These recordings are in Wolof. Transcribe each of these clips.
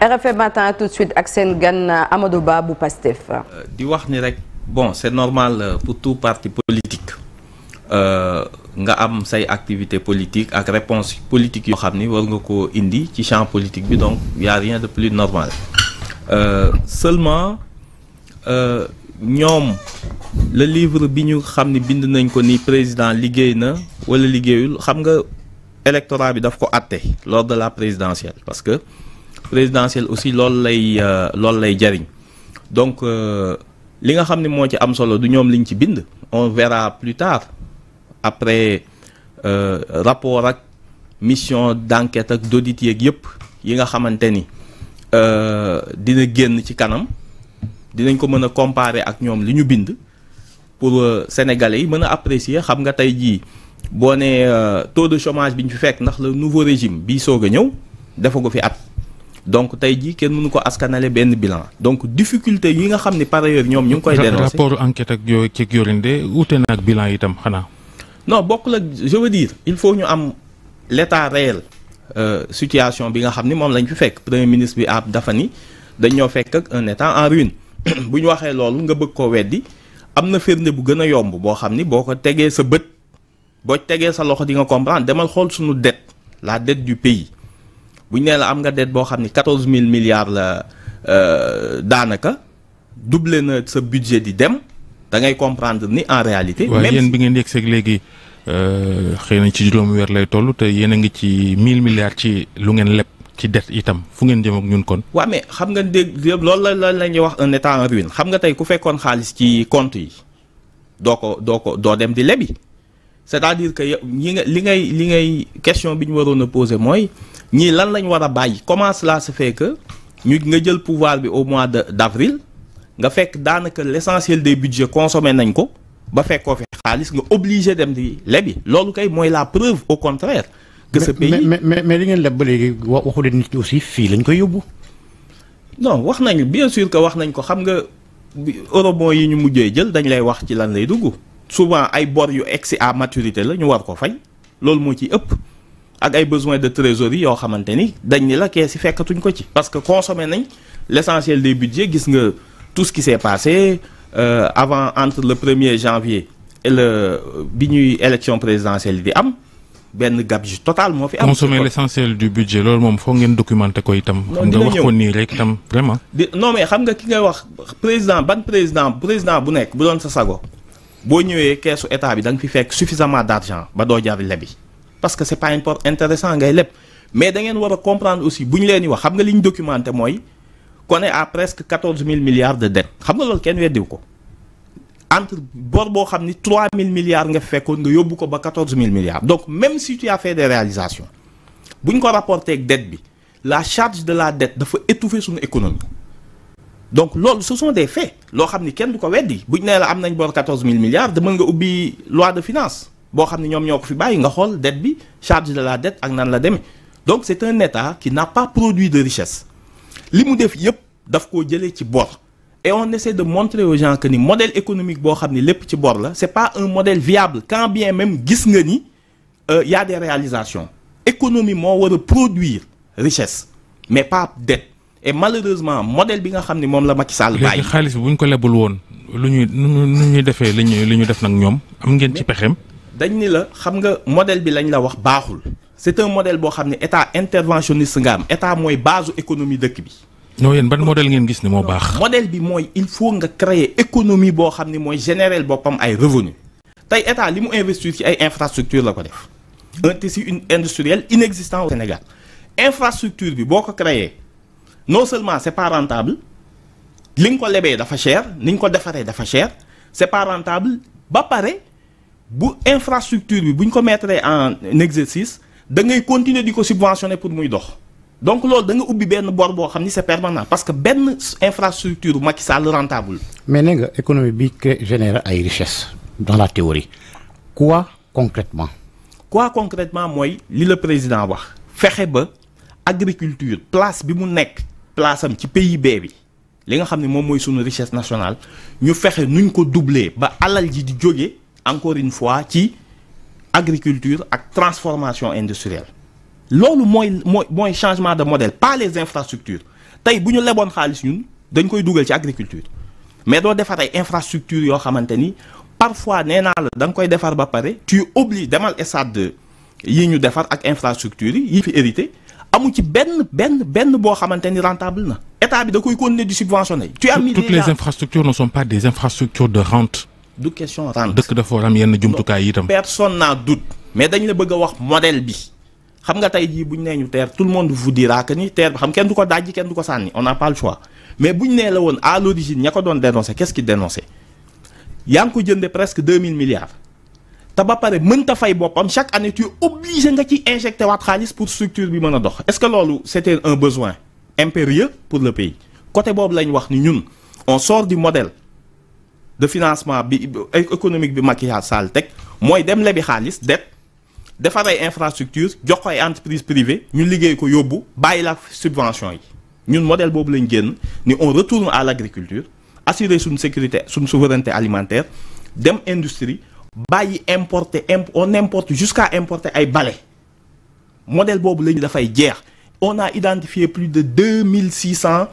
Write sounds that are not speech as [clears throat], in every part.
RFM matin suite ak seen gan euh, Amadou Ba bu Pastef. Euh, di wax ni rek bon c'est normal euh, pour tout parti politique nga am say activité politique ak réponse politique yoo xam ni war nga ko indi ci champ politique bi donc y a rien de plus normal euh, seulement ñoom euh, le livre bi ñu xam ni bind nañ ko ni président liggéey na wala liggéeyul xam nga électorat bi daf ko àtte lors de la présidentielle parce que présidentielle aussi loolu lay euh, loolu lay jariñ donc euh, li nga xam ne moo ci am solo du ñoom liñ ci bind on verra plus tard après euh, rapport ak mission d'enquête ak d'audit yeeg yëpp yi nga xamante ni dina génn ci kanam dinañ ko mën a comparer ak ñoom li ñu bind pour sénégalais yi mën a apprécier xam nga tey jii boo nee taux de chômage bi ñu fi fekk ndax la nouveau régime bi soog a ñëw dafa ko fi at donc tey jii kenn mënu ko askanale benn bilan donc difficulté yi nga xam ne par ailleurs ñoom ñu ngi koy dénoncé rapport enquête ak yooyu ceeg de wute na ak bilan itam xanaa non bokk la je dire il faut ñu am l'état réel euh, situation bi nga xam ni moom lañ fi fekk premier ministre bi ab dafa ni dañoo fekk ak un état en ruine [clears throat] bu ñu waxee loolu nga bëgg koo weddi am na firnde bu gën a yomb boo xam ni boo ko tegee sa bët boo tegee sa loxo di nga comprendre demal xool suñu dette la dette du pays bu ñu nee la am nga dette boo xam ni quatorze mille milliards la euh, daanaka duble na sa budget di dem da ngay comprendre ni en réalité. même yéen bi ngeen yegg seeg léegi euh, xëy na ci juróomi weer lay toll te yéen a ngi ci mille milliards ci lu ngeen leb ci dette itam fu ngeen jëm ak ñun kon. waaw mais xam nga dégg loolu la la la ñuy wax un état en ruine xam nga tey ku fekkoon xaalis ci compte yi doo ko doo ko doo dem di lebi. c'est-à-dire que yi nga li ngay li ngay question bi ñu waroon a poser mooy ñii lan lañ war a bàyyi comment cela se fait que ñu nga jël pouvoir bi au mois de d'avril nga fekk daanaka l'essentiel des budgets consommé nañ ko ba fekkoo fi xaalis nga obligé dem di lebi loolu kay mooy la preuve au contraire que ce pays mais mais mais li ngeen leb ba léegi waxu leen nit ñi aussi fii lañ koy yóbbu non wax nañu bien sûr que wax nañ ko xam nga eurobond yi ñu mujjee jël dañ lay wax ci lan lay dugg souvent ay bor yu egsi à maturité la ñu war ko fay loolu moo ci ëpp ak ay besoin de trésorerie yoo xamante ni dañ ni la kees yi fekkatuñ ko ci. parce que consommé nañ l' essentiel des budgets gis nga tout ce qui s' est euh, avant entre le premier janvier et le euh, bi ñuy élection présidentielle bi am. benn gabegie total moo fi am. consommer l'essentiel du budget loolu moom foo ngeen documenté ko itam. xam nga wax ko itam vraiment. non xam nga ki ngay wax président ban président président bu nekk bu doon sa sago. boo ñëwee keesu état bi da nga fi fekk suffisamment d' argent ba doo jar lebi parce que c' est pas import intéressant ngay leb mais da war a comprendre aussi bu ñu leen di wax xam nga li ñu documenté mooy qu'on est à presque quatorze mille milliards de dettes xam nga loolu kenn weddiw ko entre bor boo xam ni trois mille milliards nga fekkoon nga yóbbu ko ba quatorze mille milliards donc même si tu as fait des réalisations bu ñu ko rapporté dette bi la charge de la dette dafa étouffer suñu économie donc loolu ce sont des faits loo xam ni kenn du ko weddi ñu nee la am nañ bor 14000 milliards de mën nga ubbi loi de finance boo xam ni ñoom ñoo ko fi bàyyi nga xool dette bi charge de la dette ak nan la demee donc c'est un état ki nappa pas produit de richesse li mu def yëpp daf koo jëlee ci bor et on essaie de montrer aux gens que ni modèle économique boo xam ni lépp ci bor la c'est pas un modèle viable quand bien même gis nga ni euh, y a réalisation réalisations économie moo war a produire richesse mais pas dette et malheureusement modèle bi nga xam ne moom la Macky Sall bàyyi. léegi xaalis bi bu ko lebul woon lu ñuy nu ñuy defee li ñuy li ñu def nag ñoom. am ngeen ci pexeem. dañ ni la xam nga model bi lañ la wax baaxul. c'est un modèle boo xam ne état interventionniste nga am état mooy base économie dëkk bi. non yéen ban modèle ngeen gis ni moo baax. modèle bi mooy il faut nga créer économie boo xam ni mooy générer boppam ay revenu tey état li mu investir ci ay infrastructure la ko def. un tissu industriel inexistant au Sénégal infrastructure bi boo ko créer non seulement c'est pas rentable li nga ko lebee dafa cher ni nga ko defaree dafa cher c'est pas rentable ba pare bu infrastructure bi bu ñu ko mettre en exercice da ngay continuer di ko subventionner pour muy dox donc loolu da nga ubbi benn bor boo xam ni c'est permanent parce que benn infrastructure Macky Sall rentable. mais nee nga économie bi génère ay richesses dans la théorie quoi concrètement quoi concrètement mooy li la président wax fexe ba agriculture place bi mu nekk. place am ci PIB bi li nga xam ne moom mooy sunu richesse nationale ñu fexe nuñ ko dublee ba alal ji di jóge encore une fois ci agriculture ak transformation industrielle loolu mooy mooy mooy changement de modèle pas les infrastructures tey bu ñu leboon xaalis ñun dañ koy dugal ci agriculture mais doo defar ay infrastructures yoo xamante ni parfois nee naa la da nga koy defar ba pare tu oblige demal stade yi ñu defar ak infrastructure yi yi fi hérité amu ci benn benn benn boo xamante ni rentable na état bi da koy continuer di subventionner. tu toutes les infrastructures ne sont pas des infrastructures de rente. du question rente dëkk dafa war am yenn jumtukaay yi personne n'en doute mais dañ la bëgg wax modèle bi xam nga tey jii bu ñu nee ñu TER tout le monde vous dira ni TER bi xam kenn du ko dajji kenn du ko sànni on n'a pas le mais bu nee la woon à l'origine ña ko doon dénoncé qu'est-ce te ba pare mënta fay boppam chaque année tu es nga ci injecté waat xaalis pour structure bi mën a dox est-ce que loolu c'était un besoin impérieux pour le pays côté boobu lañ wax ni ñun on sort di modèle de financement bi économique bi Macky Sall teg mooy dem lebi xaalis det defar ay infrastructure jox ko ay entreprise privée ñu liggéey ko yóbbu bàyyi la subvention yi ñun model boobu lañ génn ni on retourne à l'agriculture assurer suñu sécurité suñ souveraineté alimentaire dem industrie bàyyi importer imp on importe jusqu'à importer ay bale modèle boobu la ñu dafay jeex on a identifié plus de deux mille six cent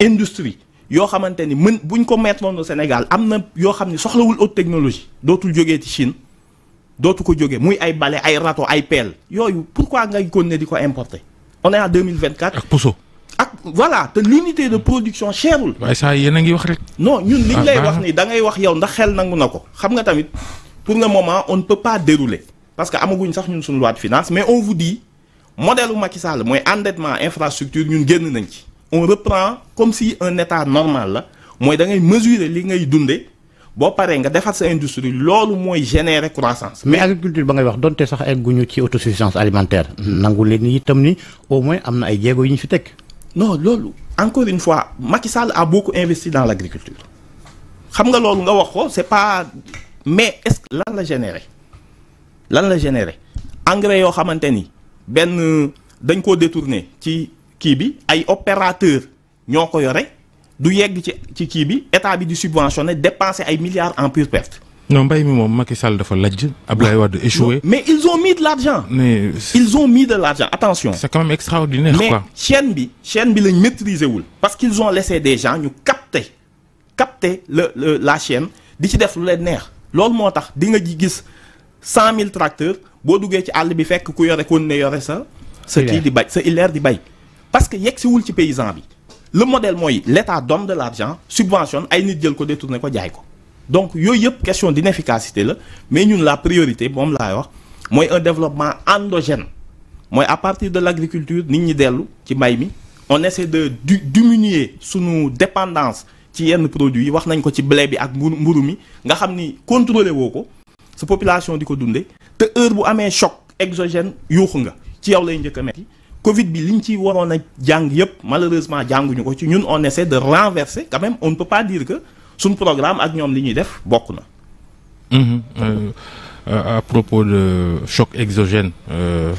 industries yoo xamante ni mën buñ ko mettoon au Sénégal am na yoo xam ne soxlawul haute technologie dootul jógee ci Chine dootu ko jógee muy ay bale ay rato ay pelle yooyu pourquoi ngay continuer di ko importer on est en deux mille vingt quatre ak puso ak voilà te l'unité de production cherul. waaye saa yéen a ngi wax rek. non ñun liñ ah, lay wax ni da ngay wax yow ndax xel nangu na ko xam tamit. pour le moment on ne peut pas dérouler parce que amaguñ sax ñun suñu loi de finance mais on vous dit modèle u Macky Sall mooy infrastructure ñun génn nañ ci on reprend comme si un état normal la mooy da ngay mesurer li ngay dundee boo paree nga defar sa industrie loolu mooy générer croissance mais agriculture ba ngay wax donte sax egguñu ci autosuffisance alimentaire nangu leen tam ni au moins am na ay jéego yu ñu fi teg non loolu encore une fois Macky Sall a beaucoup investi dans xam nga mais est-ce que lan la généré lan la généré engrais yoo xamante ni benn dañ koo détourné ci kii bi ay opérateur ñoo ko yore du yegg ci ci kii bi état bi di subventionné dépensé ay milliards en pure perte. non mbay mi moom Macky Sall dafa lajj Abdoulaye Wade échoué. mais ils on mis de l'argent mais ils ont mis de l'argent attention. c'est quand même extraordinaire quoi. mais bi chaîne bi lañ maîtriser wul. parce qu'ils ont laissé des gens ñu capter capter le la chaine di ci def lu neex. loolu moo tax di nga gis cent mille tracteurs boo duggee ci àll bi fekk ku yore kon ne yore sa sa kii di bay sa ileer di bay parce que yegsiwul ci paysan bi le modèle mooy l'État dome de l'argent subventionne ay nit jël ko détourné ko jaay ko donc yooyu yëpp question d'inefficacité la mais ñun la priorité moom laay wax mooy un développement endogène mooy à partir de l'agriculture nit ñi dellu ci mbay mi on essaie de diminuer sunu dépendance ci yenn produit yi wax nañ ko ci blé bi ak mburu mburu mi nga xam ni contrôlé woo ko su population di ko dundee te heure bu amee choc exogène yuuxu nga ci yow lay njëkk a metti Covid bi liñ ci waroon a jàng yëpp malheureusement jànguñu ko ci ñun on essaie de renverser quand même on ne peut pas dire que suñ programme ak ñoom li ñuy def bokk na. Mhm. Euh, euh, à propos de choc exogène euh,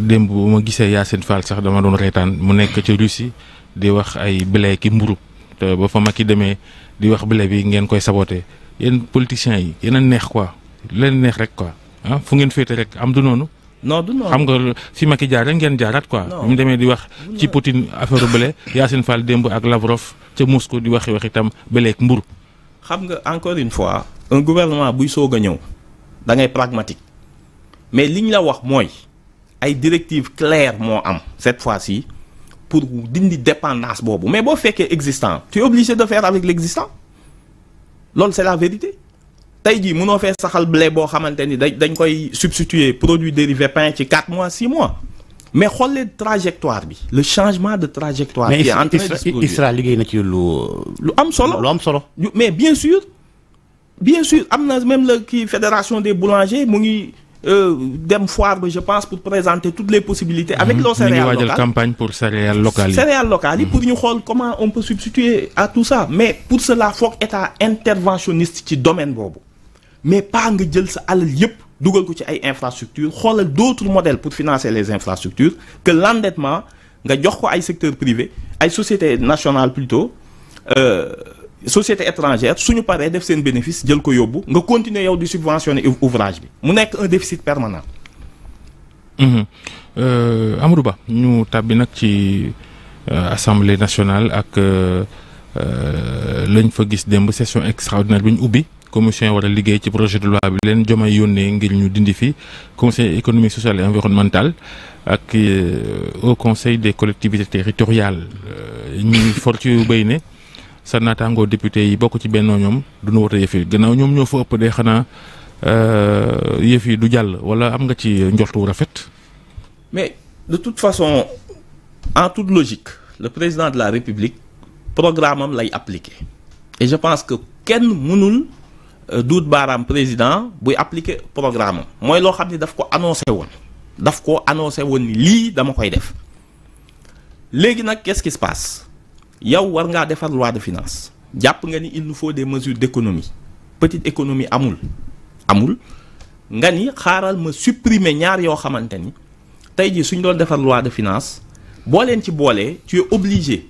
démb bu ma gisee Yacine Fall sax dama doon reetaan mu nekk ci Russie di wax ay blé mburu Euh, ba fa Macky demee di wax bile bi ngeen koy saboté yéen politiciens yi yéen neex quoi leen neex rek quoi ah fu ngeen féete rek am du noonu. non xam nga fi Macky jaar rek ngeen jaaraat quoi. non mu demee di wax ci Poutine affaire bële Yacine Fall démb ak Lavrov ca ko di waxi wax itam bëleeg mburu xam nga encore une fois. un gouvernement buy soog a ñëw da ngay pragmatique mais liñ la wax mooy ay directives claires moo am cette fois-ci. pour dindi dépendance boobu mais boo fekkee existant tu es obligé de faire avec l'existant loolu c'est la vérité tey jii mënoo fee saxal blé boo xamante ni dañ koy substituer produit dérivé pain ci 4 mois 6 mois mais xool leen trajectoire bi le changement de trajectoire qui est en train de se produire mais ISRA liggéey na ci lu lu am solo lu am solo mais bien sûr bien sûr am na même la kii fédération des boulangers Euh, dem foire ba je pense pour présenter toutes les possibilités. avec nos mhm. céréales locales campagne pour céréales locales yi. yi mhm. pour ñu xool comment on peut substituer à tout ça mais pour cela foog état interventionniste ci domaine boobu mais pas nga jël sa alal yépp dugal ko ci ay infrastructures xoolal d'autres modèles pour financer les infrastructures que l'endettement nga jox ko ay secteur privé ay société nationale plutôt. Euh, société étrangère suñu paree def seen bénéfice jël ko yóbbu nga continuer yow di subventionner ouvrage bi mu nekk un déficit permanent. Mhm. Euh, Amadou Ba ñu tàbbi nag ci euh, assemblée nationale ak euh, lañ fa gis démb session extraordinaire bi ñu ubbi commission war a liggéey ci projet de loi bi leen jomay yónnee ngir ñu dindi fi conseil économique social et environnemental ak au conseil des collectivités territoriales ñuy for ci bay ne. sa naataangoo député yi bokk ci bennoo ñoom du nu wote yëf yi gannaaw ñoom ñoo fa ëpp de xanaa euh, yëf yi du jàll wala am nga ci njortu rafet. mais de toute façon en toute logique le président de la république programme am lay appliqué et je pense que kenn mënul euh, duut baaraam président buy appliqué programme mooy loo xam ni daf ko annoncé woon. daf ko annoncé woon ni lii dama koy def léegi nag quest qui se passe. yow war ngaa defar loi de finance jàpp nga ni il nous faut des mesures d'économie petite économie amul amul nga ni xaaral ma supprimer ñaar yoo xamante ni tey jii suñ doon defar loi de finance boo leen ci boolee tu es obligé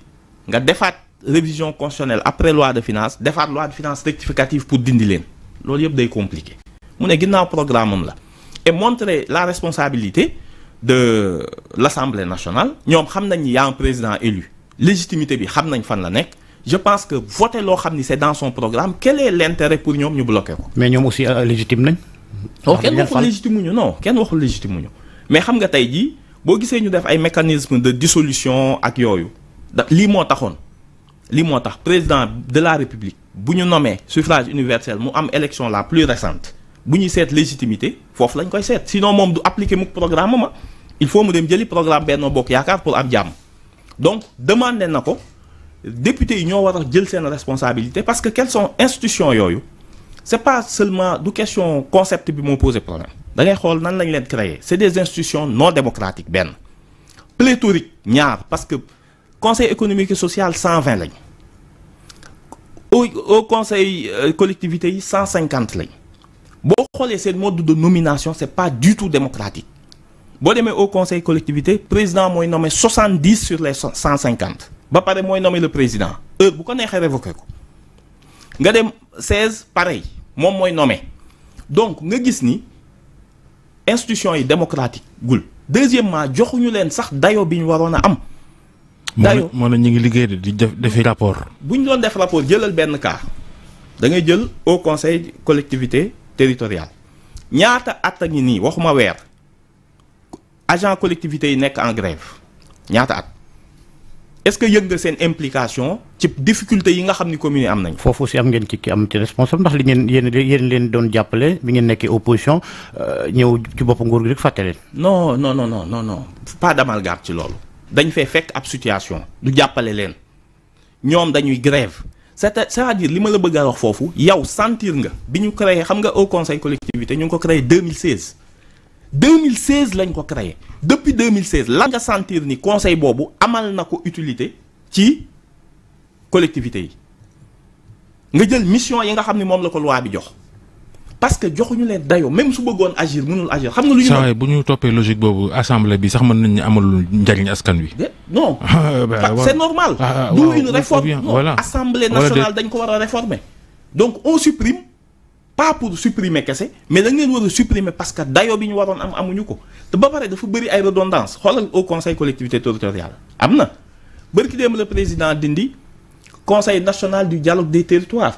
nga defaat révision constitutionnelle après loi de finance defaat loi de finance rectificative pour dindi leen loolu yëpp day compliqué mu ne ginnaaw programme am la et montrer la responsabilité de l'Assemblée nationale ñoom xam nañ ni y président élu légitimité bi xam nañ fan la nekk je pense que voter loo xam ni c'est dans son programme quel est l'intérêt pour ñoom ñu bloquer ko. mais ñoom aussi euh, légitime nañ. non kenn waxul légitime ñu non kenn waxul légitime ñu mais xam nga tey jii boo gisee ñu def ay mécanismes de dissolution ak yooyu da lii moo taxoon lii moo tax président de la république bu ñu nommé suffrage universel mu am élection la plus récente bu ñuy seet légitimité foofu lañ koy seet sinon moom du appliquer mukk programme ma ah. il faut mu dem jëli Benno Bokk Yaakaar pour am jàmm. donc demandé na ko député yi ñoo war a jël seen responsabilité parce que quelles sont institutions yooyu c' est pas seulement du question concept bi moo posé problème da ngay xool nan lañ leen créer c' est des institutions non démocratiques benn pléthorique ñaar parce que conseil économique et social 120 lañ au au conseil euh, collectivités yi 150 lañ boo xoolee seen mode de nomination c' est pas du tout démocratique boo demee au conseil collectivité président mooy nommé 70 sur les 150 ba pare mooy nommé le président heure bu ko neexee révoqué ko nga dem 16 pareil moom mooy nommé donc nga gis ni institution yi démocratique gul deuxièmement joxuñu leen sax dayo bi ñu waroon a am. dayo moo ne ñu ngi liggéey di def defi rapport. bu ñu doon def rapport jëlal benn cas da ngay jël au conseil collectivité territoriale ñaata at a nii waxuma weer. agent collectivités yi nekk en grève ñaata at est-ce que yëg nga seen implication ci difficulté yi nga xam ni commune yi am nañu. foofu aussi am ngeen ci ki am ci responsable ndax li ngeen yéen leen doon jàppale bi ngeen nekkee opposition euh, ñëw ci bopp nguur gi rek fàtte leen. non non non non non non pas ci loolu. dañu fee fekk ab situation du jàppale leen ñoom dañuy grève c'est-à-dire li ma la bëgg a wax foofu yow sentir nga bi ñu créé xam nga au conseil collectivité ñu ngi ko créé 2016. 2016 lañ ko créé depuis 2016 lan nga sentir ni conseil boobu amal na ko utilité ci collectivité yi nga jël mission yi nga xam ne moom la ko loi bi jox parce que joxuñu leen dayo même su bëggoon agir mënul agir xam nga lu ñu. saa bu ñu toppee logique boobu assemblée bi sax mën nañ nañu amalul njariñ askan wi. non [laughs] ah, ah, c'est normal. Ah, du une réforme non assemblée nationale dañ ko war a réformer donc on supprime. pas pour supprimer kese mais dañ leen war a parce que dayo bi ñu waroon am amuñu ko te ba pare dafa bëri ay redondance xoolal au conseil collectivité territoriale am na bëri ki démb la président dindi conseil national du dialogue des territoires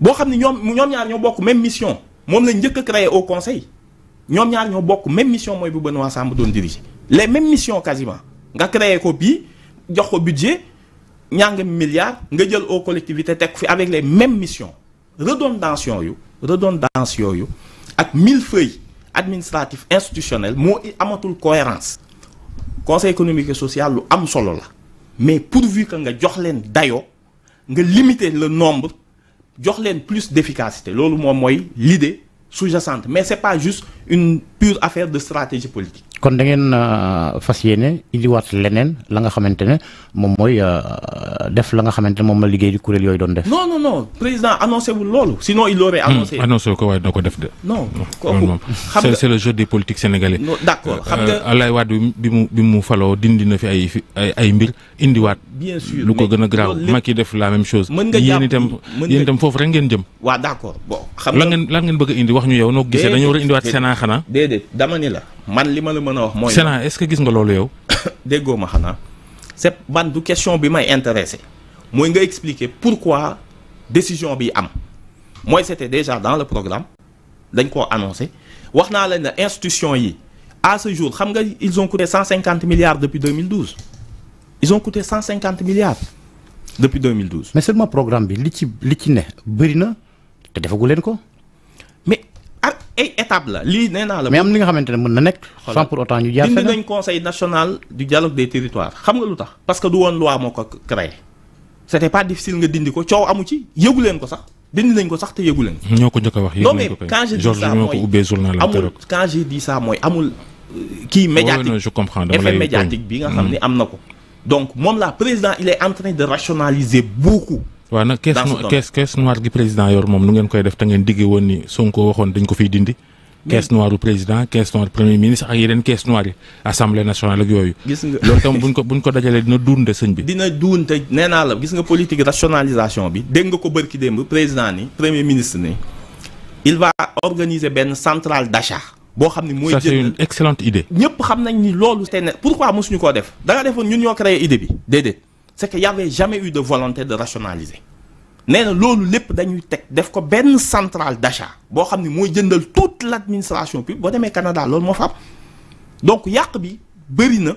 boo xam ne ñoom ñoom ñaar ñoo bokk même mission moom lañ njëkk a créé au conseil ñoom ñaar ñoo bokk même mission mooy bu Benoît Sambou doon diriger les mêmes mission quasiment nga créé ko bii jox ko budget ñaa nga milliard nga jël aux collectivités teg fi avec les mêmes missions redondance yooyu redondance yooyu ak mille millefeuille administratif institutionnel moo amatul cohérence conseil économique et social lu am solo la mais pourvu que nga jox leen dayoo nga limiter le nombre jox leen plus d'efficacité loolu moom mooy l'idée sous-jacente mais c'est pas juste une pure affaire de stratégie politique kon da ngeen euh, fas yéene indiwaat leneen la nga xamante ne moom mooy euh, def la nga xamante ne moom la liggéey di kuréel yooyu doon def. non non non président annoncé wul loolu sinon il l'aurait hmm, annoncé. annoncé ko waaye doo ko def de. non hmm, kooku xam nga c'est le jeu des politiques sénégalais. non d'accord xam nga euh, Abdoulaye Wade bi mu bi mu faloo dindi na fi ay fi ay ay mbir indiwaat. bien sûr lu ko gën a grave Macky def la même chose. mën nga yéen itam yéen itam foofu rek ngeen jëm. waaw d'accord bon. xam nga lan ngeen lan ngeen bëgg a indi wax ñu yow noo gisee dañoo war a indiwaat Sénat xanaa. déedéet dama ni la man li ma la mën a wax mooy. Sénat est-ce que gis nga loolu yow. [coughs] déggoo ma xanaa c'est ban du question bi may intéressé mooy nga expliquer pourquoi décision bi am mooy c'était déjà dans le programme dañ ko annoncé wax naa la ne institution yi à ce jour xam nga ils ont coûté cent cinquante milliards depuis 2012 ils ont coûté cent cinquante milliards depuis 2012. mais seulement programme bi li ci li ci ne bëri na te defagu leen ko mais. ak ay la lii nee naa la. mais am li nga xamante ne mën na nekk. sans pour autant ñu jaar dindi nañ conseil national du dialogue des territoires xam nga lu tax. parce que du woon loi moo ko créé. c'était pas difficile nga dindi ko coow amu ci yëgu leen ko sax dindi nañ ko sax te yëgu leen ñoo ko njëkk a wax yëgu nañ ko kay quand je dis amul euh, kii médiatique je comprends effet médiatique bi nga mm. xam ne am na ko. donc moom la président il est en de rationaliser booku waaw nag caisse caisse caisse noire gi président yor moom nu ngeen koy def te ngeen digge woon ni Sonko waxoon dañ ko fiy dindi. caisse noire du président caisse noire premier ministre ak yeneen caisse noire yi assemblée nationale ak yooyu. gis nga loolu tam [laughs] buñ ko ko dajalee dina duunte sëñ bi. dina duunte nee naa la gis nga politique rationalisation bi dégg nga ko bërki démb président ni premier ministre ni il va organiser benn centrale d'achat. boo xam ni mooy. ça c'est une idée. xam nañ ni loolu. tey ne pourquoi mosuñu koo def da defoon ñun ñoo créé idée bi c'est que y avait jamais eu de volonté de rationaliser nee na loolu lépp dañuy teg def ko benn centrale d'achat boo xam ne mooy jëndal toute l'administration publique boo demee Canada loolu moo fa am donc yàq bi bëri na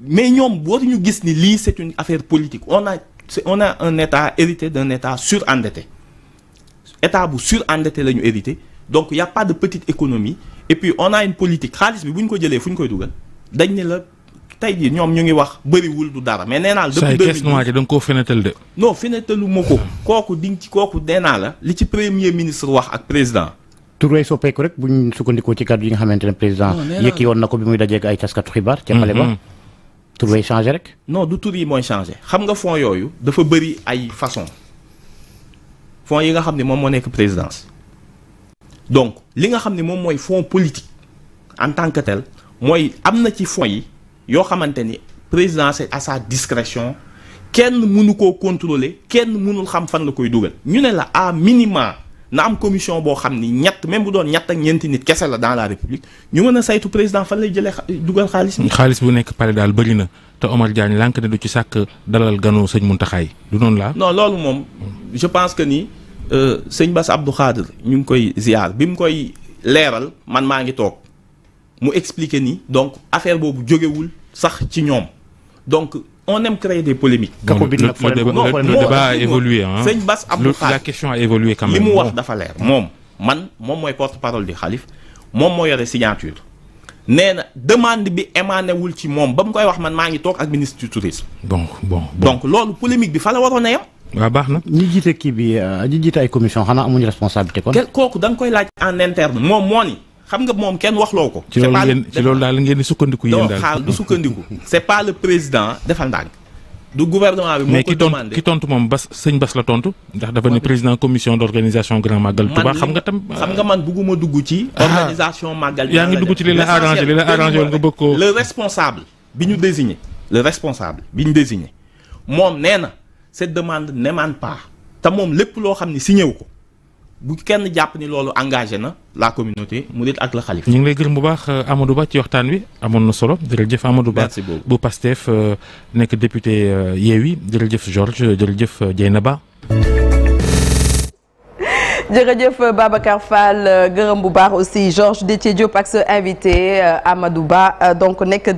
mais ñoom ñu gis ni lii c'est une affaire politique on a on a un état hérité d'un état surendetté état bu surendetté la ñu hérité donc y a pas de petite économie et puis on a une politique xaalis bi bu ñu ko jëlee fu ñu koy dugal dañ tey jii ñoom ñu ngi wax bëriwul du dara mais nee naa la. depuis 2012 da nga koo fenetal de. non fenetalu ko. kooku di ci kooku nee naa la. li ci premier ministre wax ak président. Touré soppeeku rek bu ñu sukkandikoo ci kàddu yi nga xamante ne président. yëkki woon na ko bi muy dajeeg ay taskatu xibaar. ca Palais ba mm-hmm. Touré changé rek. non du tur yi mooy changé xam nga fonds yooyu dafa bëri ay façon fonds yi nga xam ne moom moo nekk présidence. donc li nga xam ne moom mooy fonds politique en tant que mooy am yi. yoo xamante ni président c'est à sa discrétion kenn munu koo contrôler kenn munul xam fan la koy dugal. ñu ne la à minima na am commission boo xam ni ñett même bu doon ñett ak ñeenti nit kese la dans la république ñu mën a saytu président fan lay jëlee dugal xaalis bi. xaalis bu nekk pare daal bëri na te Omar Diagne lànk ne du ci sàkk dalal ganu sëñ Mountakha yi du noonu laa. non loolu moom je pense que ni euh, sëñ Bass Abdou Khadre ñu ngi koy ziar bi mu koy leeral man maa ngi toog. mu expliquer ni donc affaire boobu jógewul sax ci ñoom donc on aime créer des polémiques. Bon, le, a évolué hein. sëñ Bass la question a évolué li mu wax dafa leer moom man moom mooy porte-parole di xalif moom moo yore signature. nee na demande bi émané wul ci moom ba mu koy wax man maa ngi toog ak ministre du tourisme. bon bon donc loolu polémique bi fa la waroon a yem. waaw baax na ñi jiite kii bi euh, ñi jiite ay commission xanaa amuñu responsabilité kon. kooku da nga koy laaj en interne moom moo xam nga moom kenn waxloo ko. ci loolu ngeen ci loolu daal ngeen di sukkandiku yéen daal xaar du sukkandiku. c'est pas le président defal ndànk. du gouvernement bi moo ko demandé mais ki tontu moom Bas sëñ Bas la tontu. ndax dafa ne président commission d' organisation grand màggal. Touba xam nga tam xam nga man bugguma dugg ci. Ah. organisation màggal yaa ngi dugg ci li la arrangé li la arrangé woon nga bëgg ko. le responsable bi ñu désigné. le responsable bi ñu désigné moom nee na cette demande n'émane pas te moom lépp loo xam ne signé wu ko. bu kenn jàpp ni loolu engagé na la communauté murid ak la xalif. ñu ngi lay gërëm bu baax euh, Amadou Ba ci waxtaan wi amoon na solo jërëjëf Amadou Ba bu Pastef euh, nekk député euh, Yewwi jërëjëf Georges jërëjëf Dieynaba jërëjëf Babacar Fall gërëm bu baax aussi Georges Détié Diop ak sa invité Amadou Ba donc nekk